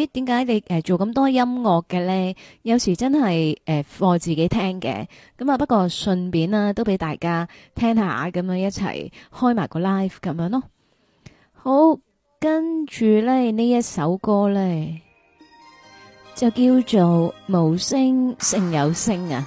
咦，點解你誒做咁多音樂嘅咧？有時真係誒我自己聽嘅，咁啊不過順便啦，都俾大家聽下咁樣一齊開埋個 live 咁樣咯。好，跟住咧呢一首歌咧就叫做無聲勝有聲啊。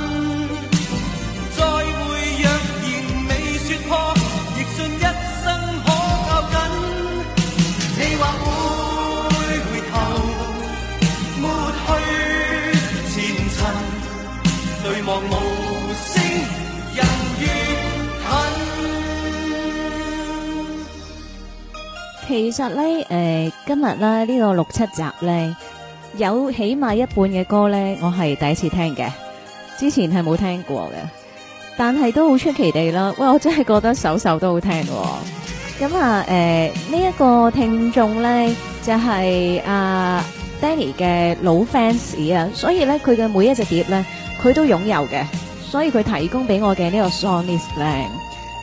其實咧，誒、呃，今日咧呢、這個六七集咧，有起碼一半嘅歌咧，我係第一次聽嘅，之前係冇聽過嘅，但係都好出奇地啦，喂，我真係覺得首首都好聽、哦。咁、嗯、啊，誒、呃，呢、這、一個聽眾咧就係、是、阿、啊、Danny 嘅老 fans 啊，所以咧佢嘅每一隻碟咧，佢都擁有嘅，所以佢提供俾我嘅呢個 Songlist 靚，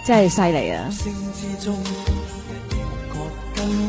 真係犀利啊！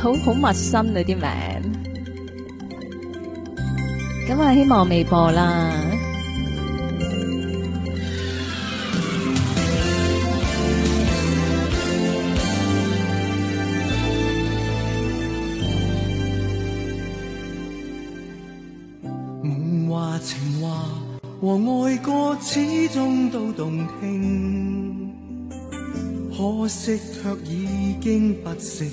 好好陌生你啲名，咁啊希望未播啦。夢話情話和愛過始終都動聽，可惜卻已經不識。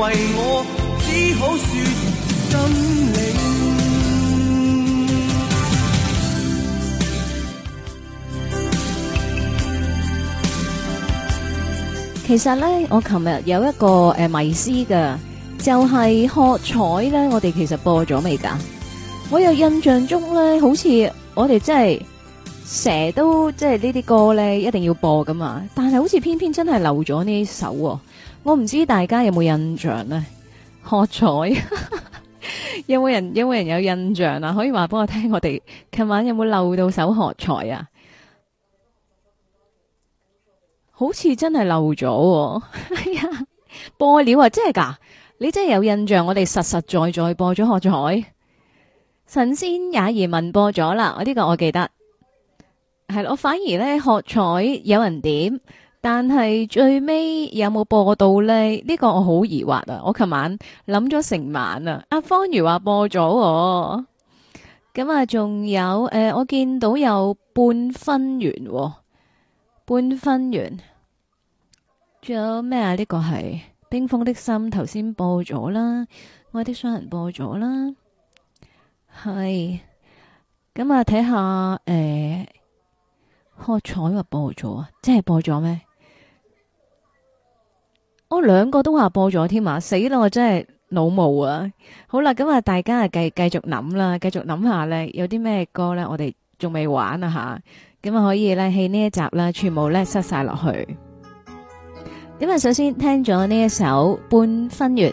為我，只好說真理。其實咧，我琴日有一個誒迷思㗎，就係喝彩咧。我哋其實播咗未㗎？我有印象中咧，好似我哋真係。成日都即係呢啲歌咧，一定要播噶嘛。但係好似偏偏真係漏咗呢首，我唔知大家有冇印象呢？喝彩、啊、 有冇人有冇人有印象啊？可以話畀我聽我哋琴晚有冇漏到首喝彩啊？好似真係漏咗，哎呀，播了啊， 料啊真係噶！你真係有印象，我哋實實在在播咗喝彩，神仙也移民播咗啦，我、這、呢個我記得。係咯，我反而咧喝彩有人點，但係最尾有冇播到呢？呢、這個我好疑惑啊！我琴晚諗咗成晚啊。阿芳如話播咗喎，咁、嗯、啊，仲有誒、呃，我見到有半分緣、哦，半分緣，仲有咩啊？呢、這個係冰封的心，頭先播咗啦，《愛的傷痕》播咗啦，係咁啊，睇下誒。看看呃何彩話播咗啊？真係播咗咩？我兩個都話播咗添啊！死啦！我真係腦霧啊！好啦，咁啊，大家啊，繼繼續諗啦，繼續諗下咧，有啲咩歌咧，我哋仲未玩啊吓，咁啊可以咧，喺呢一集啦，全部咧塞晒落去。點啊？首先聽咗呢一首《半分緣》。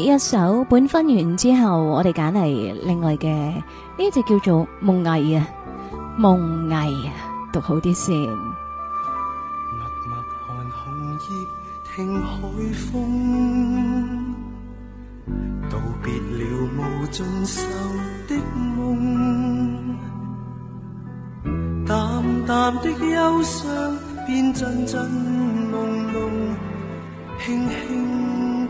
一首本分完之後，我哋揀嚟另外嘅呢隻叫做夢藝啊，夢藝啊，讀好啲先。默默看紅葉，聽海風，道別了無盡愁的夢，淡淡的憂傷，變陣陣朦朧，輕輕。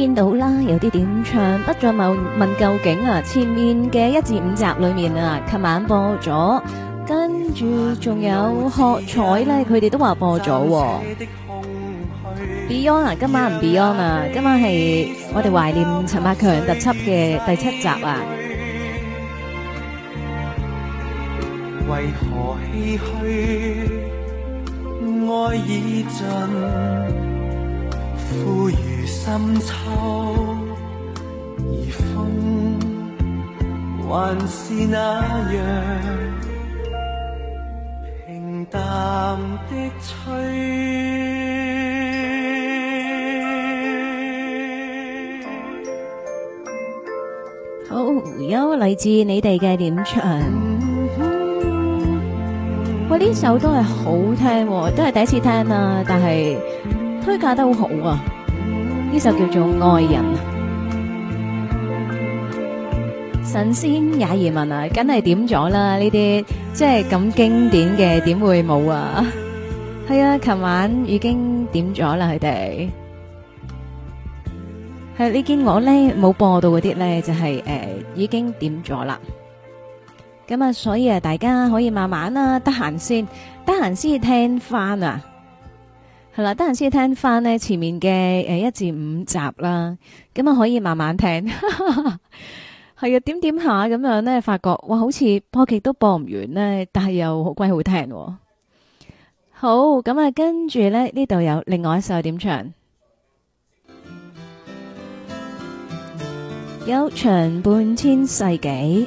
見到啦，有啲點唱，不再問問究竟啊！前面嘅一至五集裏面啊，琴晚播咗，跟住仲有喝彩咧，佢哋都話播咗。Beyond 啊，今晚唔 Beyond 啊，今晚係我哋懷念陳百強特輯嘅第七集啊。為何唏噓，愛已盡。心秋風還是那樣平淡的吹。好，又嚟自你哋嘅點唱。我呢首都係好聽、啊，都係第一次聽啦、啊，但係推介得好啊。呢首叫做《愛人》，神仙也移民啊，梗係點咗啦。呢啲即係咁經典嘅，點會冇啊？係 啊，琴晚已經點咗啦，佢哋係呢件我咧冇播到嗰啲咧，就係、是、誒、呃、已經點咗啦。咁啊，所以啊，大家可以慢慢啦、啊，得閒先，得閒先聽翻啊。係啦，得閒先聽翻前面嘅誒一至五集啦，咁啊可以慢慢聽。係啊、 嗯 嗯， 點點下咁樣咧，發覺哇，好似播極都播唔完咧，但係又好鬼好聽。好，咁、嗯、啊、嗯、跟住咧，呢度有另外一首點唱， 有長半天世紀。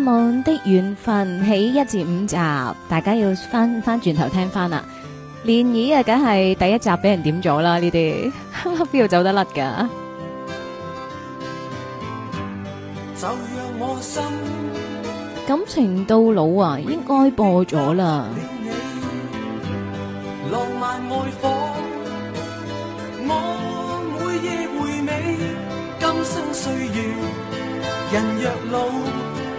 夢的緣分喺一至五集，大家要翻翻轉頭聽翻啦。蓮兒啊，梗係第一集俾人點咗啦，呢啲邊有走得甩噶？就讓我心感情到老啊，應該播咗啦。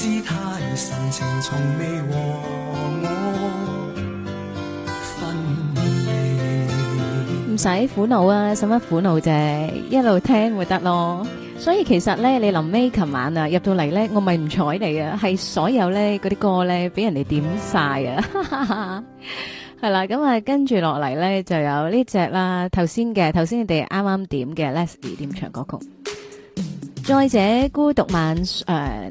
唔使苦惱啊，使乜苦惱啫？一路聽會得咯。所以其實咧，你臨尾琴晚啊入到嚟咧，我咪唔睬你啊，係所有咧嗰啲歌咧俾人哋點晒啊。係啦，咁啊跟住落嚟咧就有呢隻啦，頭先嘅頭先你哋啱啱點嘅 Leslie 點唱歌曲，再者孤獨晚誒。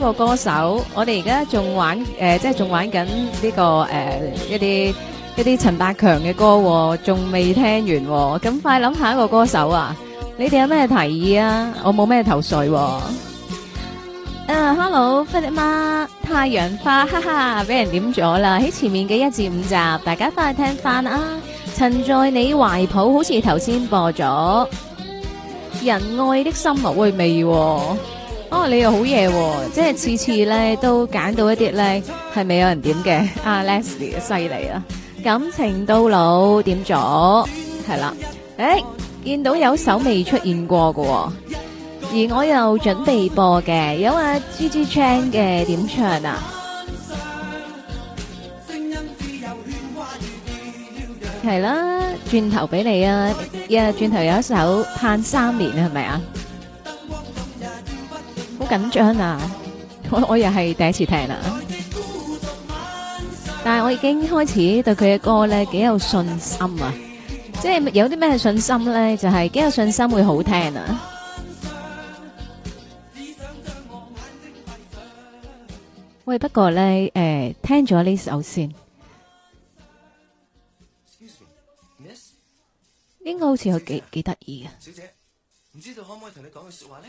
個歌手，我哋而家仲玩誒，即係仲玩緊呢個誒一啲一啲陳百強嘅歌，仲未聽完，咁快諗下一個歌手啊！你哋有咩提議啊？我冇咩頭緒。誒，Hello，Philip 媽，太陽花，哈哈，俾人點咗啦！喺前面嘅一至五集，大家返去聽翻啊！曾在你懷抱，好似頭先播咗，人愛的心無味味。哦，你又好嘢喎！即係次次咧都揀到一啲咧係未有人點嘅，阿、 啊、Leslie 嘅犀利啊！感情到老點咗係啦？誒，嗯哎、見到有首未出現過喎，哦。而我又準備播嘅，有阿 Gigi Chan 嘅點唱啊？係啦，轉、 嗯、頭俾你啊！一、嗯、轉頭有一首盼三年係咪啊？好緊張啊！我我又係第一次聽啊，但係我已經開始對佢嘅歌咧幾有信心啊！即係有啲咩信心咧？就係幾有信心會好聽啊！喂，不過咧，誒，聽咗呢首先，應該好似有幾幾得意啊！小姐，唔知道可唔可以同你講句說話咧？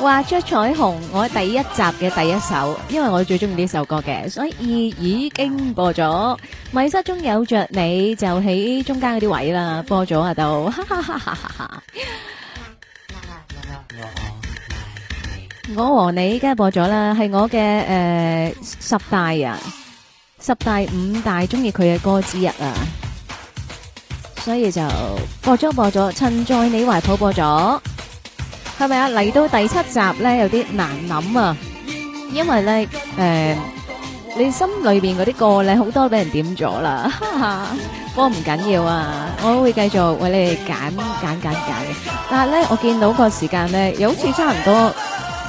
畫着彩虹，我第一集嘅第一首，因為我最中意呢首歌嘅，所以已經播咗。迷失中有着你，就喺中間嗰啲位啦，播咗啊，哈，哈。哈哈我和你梗係播咗啦，係我嘅誒十大啊，十大，十大五大中意佢嘅歌之一啊，所以就播咗播咗，趁在你懷抱播咗。係咪啊？嚟到第七集咧，有啲難諗啊，因為咧，誒，你心裏邊嗰啲歌咧，好多俾人點咗啦。不過唔緊要啊，我會繼續為你哋揀揀揀揀嘅。但係咧，我見到個時間咧，又好似差唔多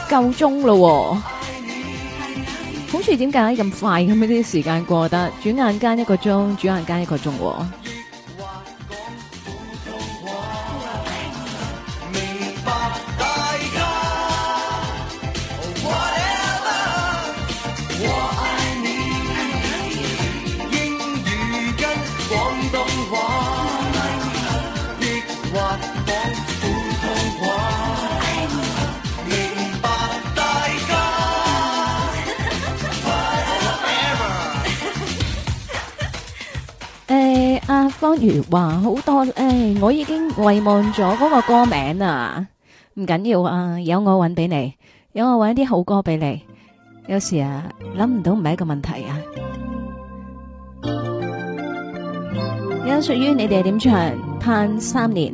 夠鐘咯。好似點解咁快咁。呢啲時間過得，轉眼間一個鐘，轉眼間一個鐘喎。方如話好多，唉、哎，我已經遺忘咗嗰個歌名啊！唔緊要啊，有我揾俾你，有我揾啲好歌俾你。有時啊，諗唔到唔係一個問題啊。有屬於你哋點唱？盼三年。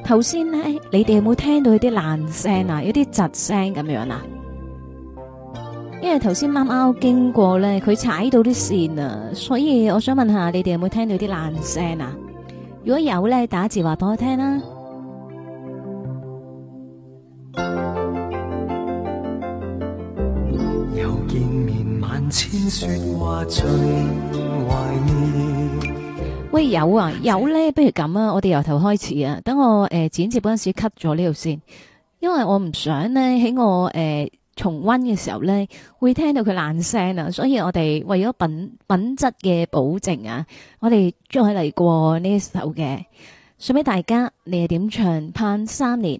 頭先呢，你哋有冇聽到啲爛聲啊？有啲窒聲咁樣啊？因為頭先貓貓經過咧，佢踩到啲線啊，所以我想問下，你哋有冇聽到啲爛聲啊？如果有咧，打字話俾我聽啦、啊。又面，千最念。喂，有啊有咧，不如咁啊，我哋由頭開始啊，等我誒、呃、剪接嗰陣時 cut 咗呢度先，因為我唔想咧喺我誒、呃、重溫嘅時候咧會聽到佢爛聲啊，所以我哋為咗品品質嘅保證啊，我哋再嚟過呢首嘅，想俾大家你係點唱《盼三年》。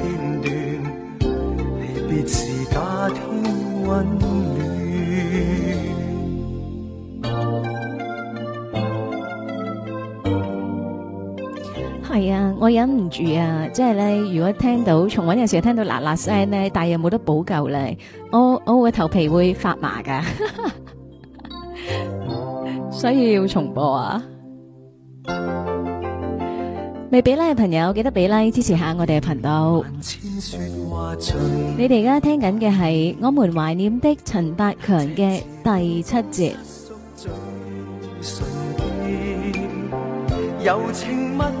我忍唔住啊！即係咧，如果聽到重温，有時聽到嗱嗱聲咧，但又冇得補救咧，我我會頭皮會發麻噶，所以要重播啊！未俾 like 嘅朋友，記得俾 like 支持下我哋嘅頻道。你哋而家聽緊嘅係我們懷念的陳百強嘅第七節。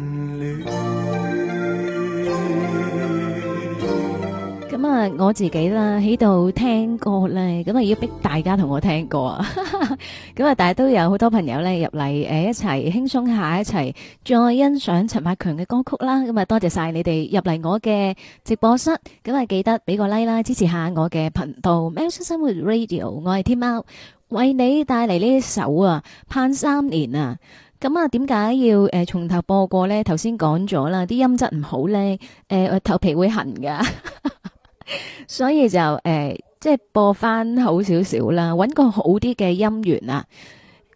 我自己啦，喺度聽歌咧，咁啊要逼大家同我聽歌啊，咁啊，但係都有好多朋友咧入嚟，誒一齊輕鬆下一齊，再欣賞陳百強嘅歌曲啦。咁啊，多謝晒你哋入嚟我嘅直播室，咁啊記得俾個 like 啦，支持下我嘅頻道《喵式生活 Radio》，我係天喵為你帶嚟呢一首啊《盼三年》啊。咁啊，點解要誒從頭播過咧？頭先講咗啦，啲音質唔好咧，誒，頭皮會痕噶。 所以就誒、呃，即係播翻好少少啦，搵個好啲嘅音源啦，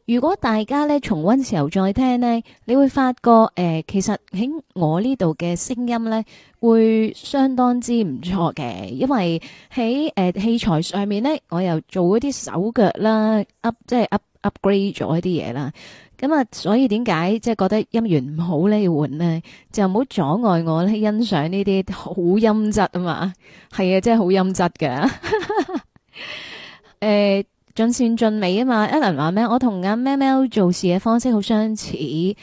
如果大家咧重溫時候再聽呢，你會發覺誒、呃，其實喺我呢度嘅聲音呢會相當之唔錯嘅，因為喺誒、呃、器材上面呢，我又做一啲手腳啦，up 即係 up upgrade 咗一啲嘢啦。咁、嗯、啊，所以點解即係覺得音源唔好呢？要換咧，就唔好阻礙我咧欣賞呢啲好音質啊嘛，係啊，即係好音質嘅。誒、 嗯，盡善盡美啊嘛 Alan 話咩？我同阿喵喵做事嘅方式好相似，係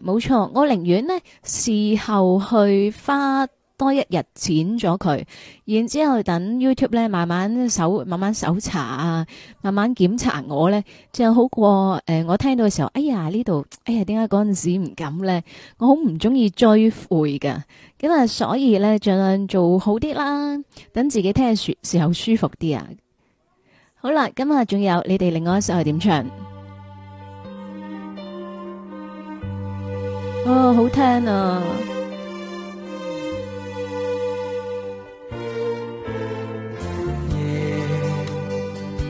冇錯。我寧願咧事後去花。多一日剪咗佢，然之後等 YouTube 咧慢慢搜，慢慢搜查啊，慢慢檢查我咧，仲好過誒、呃！我聽到嘅時候，哎呀呢度，哎呀點解嗰陣時唔敢咧？我好唔中意追悔噶，咁啊所以咧盡量做好啲啦，等自己聽嘅時候時候舒服啲啊！好啦，今日仲有你哋另外一首係點唱？哦，好聽啊！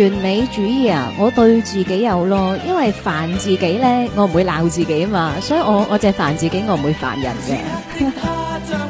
完美主義啊！我對自己有咯，因為煩自己呢，我唔會鬧自己啊嘛，所以我我淨係煩自己，我唔會煩人嘅。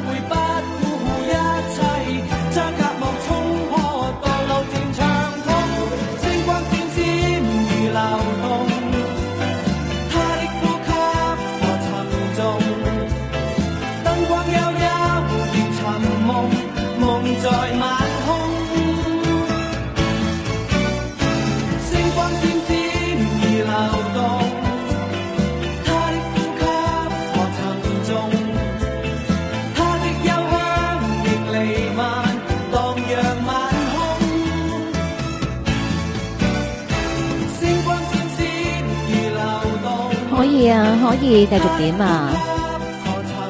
可以啊，可以繼續點啊！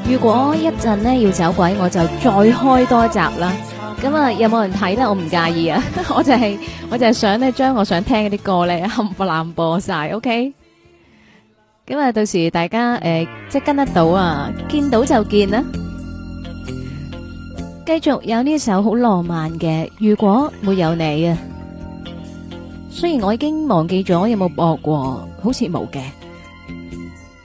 如果一陣呢要走鬼，我就再開多集啦。咁啊，有冇人睇呢？我唔介意啊，我就係我就係想咧將我想聽嗰啲歌咧冚唪唥播晒。OK，咁啊，到時大家誒即係跟得到啊，見到就見啦。繼續有呢首好浪漫嘅，如果沒有你啊，雖然我已經忘記咗有冇播過，好似冇嘅。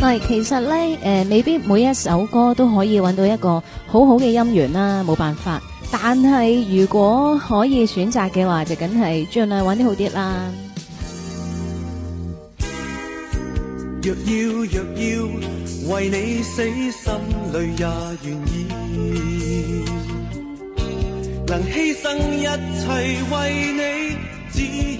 係，其實呢，呃，未必每一首歌都可以揾到一個好好嘅音源啦，冇辦法。但係如果可以選擇嘅話，就梗係盡量揾啲好啲啦。若要若要為你死，心裏也願意，能犧牲一切為你。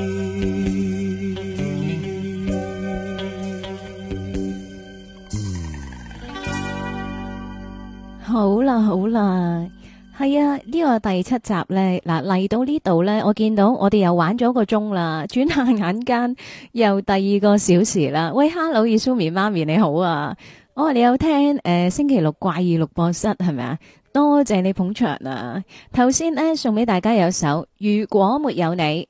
好啦好啦，係啊，呢、這個第七集呢，嗱，嚟到呢度呢，我見到我哋又玩咗個鐘啦，轉下眼間又第二個小時啦。喂，Hello，Isumi 媽咪你好啊，我、哦、話你有聽誒、呃、星期六怪異錄播室係咪啊？多謝你捧場啊！頭先呢，送俾大家有首如果沒有你。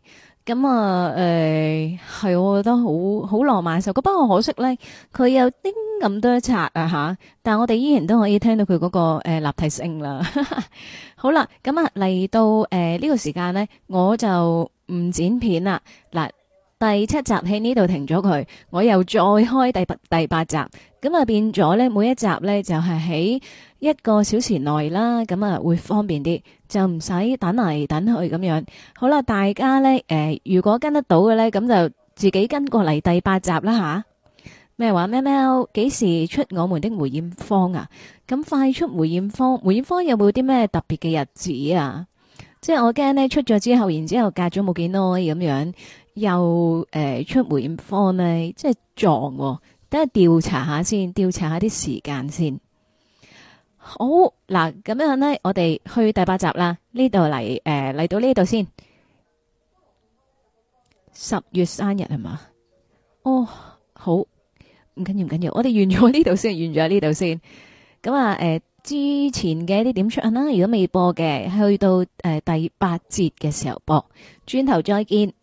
咁、嗯、啊，誒、哎，係我覺得好好浪漫嘅，不過可惜呢，佢有叮咁多一集啊吓，但係我哋依然都可以聽到佢嗰、那個誒、呃、立體聲啦。好啦，咁啊嚟到誒呢、呃這個時間呢，我就唔剪片啦。嗱，第七集喺呢度停咗佢，我又再開第八第八集，咁啊變咗呢，每一集呢就係喺。一個小時內啦，咁啊會方便啲，就唔使等嚟等去咁樣。好啦，大家呢、呃，如果跟得到嘅呢，咁就自己跟過嚟第八集啦吓。咩話？咩咩？幾時出我們的梅豔芳啊？咁快出梅豔芳？梅豔芳有冇啲咩特別嘅日子啊？即係我驚呢，出咗之後，然之後隔咗冇幾耐咁樣，又誒、呃、出梅豔芳呢，即係撞喎、啊。等下調查下先，調查下啲時間先。好嗱，咁樣咧，我哋去第八集啦。呢度嚟，誒、呃、嚟到呢度先。十月生日係嘛？哦，好，唔緊要唔緊要，我哋完咗呢度先，完咗呢度先。咁啊，誒、呃，之前嘅啲點出啊？如果未播嘅，去到誒、呃、第八節嘅時候播。轉頭再見。